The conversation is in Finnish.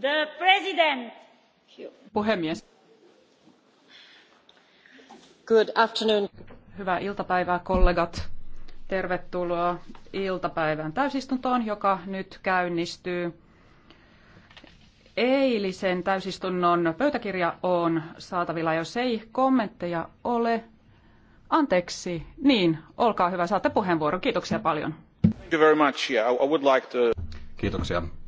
The Puhemies. Good afternoon. Hyvää iltapäivää kollegat. Tervetuloa iltapäivän täysistuntoon, joka nyt käynnistyy. Eilisen täysistunnon pöytäkirja on saatavilla, jos ei kommentteja ole. Anteeksi, niin, olkaa hyvä, saatte puheenvuoron. Kiitoksia paljon. Kiitoksia